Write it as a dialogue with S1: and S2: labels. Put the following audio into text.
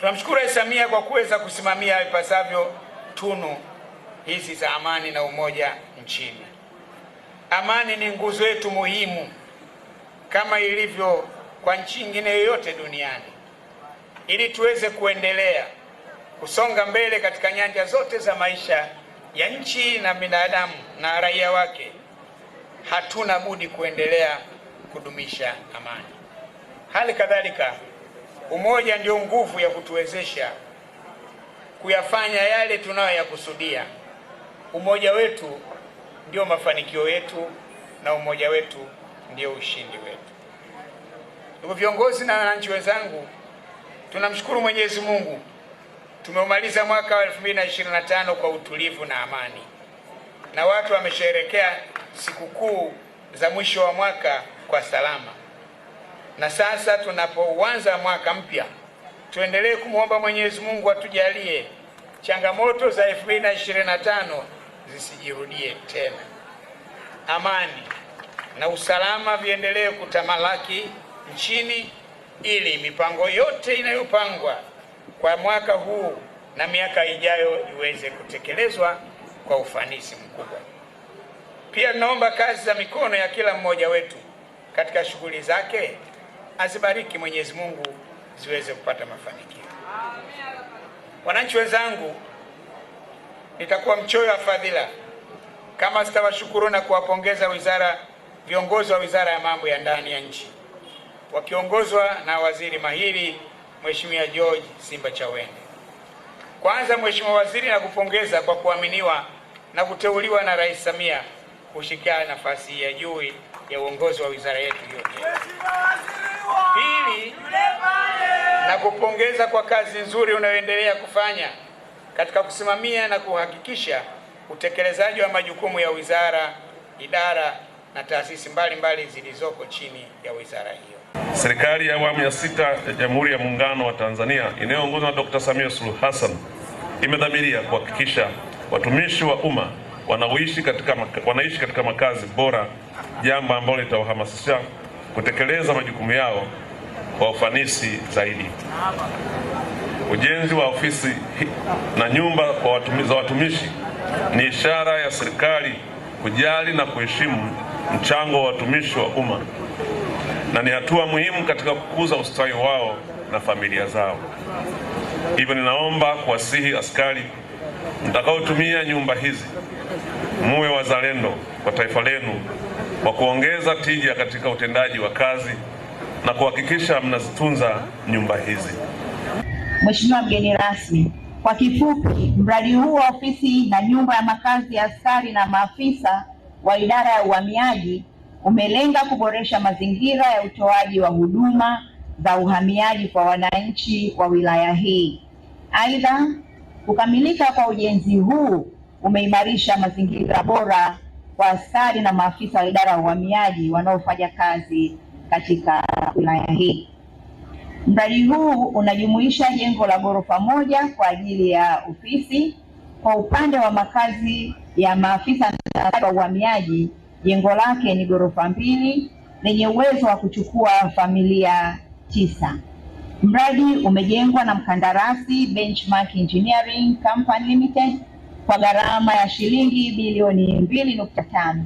S1: Tunamshukuru Rais Samia kwa kuweza kusimamia ipasavyo tunu hizi za amani na umoja nchini. Amani ni nguzo yetu muhimu kama ilivyo kwa nchi nyingine yoyote duniani. Ili tuweze kuendelea kusonga mbele katika nyanja zote za maisha ya nchi na binadamu na raia wake, hatuna budi kuendelea kudumisha amani. Hali kadhalika Umoja ndio nguvu ya kutuwezesha kuyafanya yale tunayoyakusudia. Umoja wetu ndio mafanikio yetu na umoja wetu ndio ushindi wetu. Ndugu viongozi na wananchi wenzangu, tunamshukuru Mwenyezi Mungu tumeumaliza mwaka wa 2025 kwa utulivu na amani, na watu wamesherehekea sikukuu za mwisho wa mwaka kwa salama. Na sasa tunapouanza mwaka mpya, tuendelee kumwomba Mwenyezi Mungu atujalie changamoto za 2025 zisijirudie tena. Amani na usalama viendelee kutamalaki nchini ili mipango yote inayopangwa kwa mwaka huu na miaka ijayo iweze kutekelezwa kwa ufanisi mkubwa. Pia naomba kazi za mikono ya kila mmoja wetu katika shughuli zake azibariki Mwenyezi Mungu ziweze kupata mafanikio. Wananchi wenzangu, nitakuwa mchoyo wa fadhila kama sitawashukuru na kuwapongeza wizara, viongozi wa wizara ya mambo ya ndani ya nchi wakiongozwa na waziri mahiri Mheshimiwa George Simba Chawende. Kwanza Mheshimiwa Waziri, nakupongeza kwa kuaminiwa na kuteuliwa na Rais Samia kushikia nafasi ya juu ya uongozi wa wizara yetu hiyo kupongeza kwa kazi nzuri unayoendelea kufanya katika kusimamia na kuhakikisha utekelezaji wa majukumu ya wizara, idara na taasisi mbalimbali zilizoko chini ya wizara hiyo.
S2: Serikali ya awamu ya sita ya Jamhuri ya Muungano wa Tanzania inayoongozwa na Dr. Samia Suluhu Hassan imedhamiria kuhakikisha watumishi wa umma wanaishi katika, wanaishi katika makazi bora, jambo ambalo litawahamasisha kutekeleza majukumu yao wa ufanisi zaidi. Ujenzi wa ofisi na nyumba za watumishi ni ishara ya serikali kujali na kuheshimu mchango wa watumishi wa umma na ni hatua muhimu katika kukuza ustawi wao na familia zao. Hivyo ninaomba kuwasihi askari mtakaotumia nyumba hizi muwe wazalendo kwa taifa lenu, kwa kuongeza tija katika utendaji wa kazi na kuhakikisha mnazitunza nyumba hizi.
S3: Mheshimiwa mgeni rasmi, kwa kifupi, mradi huu wa ofisi na nyumba ya makazi ya askari na maafisa wa idara ya uhamiaji umelenga kuboresha mazingira ya utoaji wa huduma za uhamiaji kwa wananchi wa wilaya hii. Aidha, kukamilika kwa ujenzi huu umeimarisha mazingira bora kwa askari na maafisa wa idara ya uhamiaji wanaofanya kazi katika wilaya hii. Mradi huu unajumuisha jengo la ghorofa moja kwa ajili ya ofisi. Kwa upande wa makazi ya maafisa wa uhamiaji, jengo lake ni ghorofa mbili lenye uwezo wa kuchukua familia tisa. Mradi umejengwa na mkandarasi Benchmark Engineering Company Limited kwa gharama ya shilingi bilioni mbili nukta tano.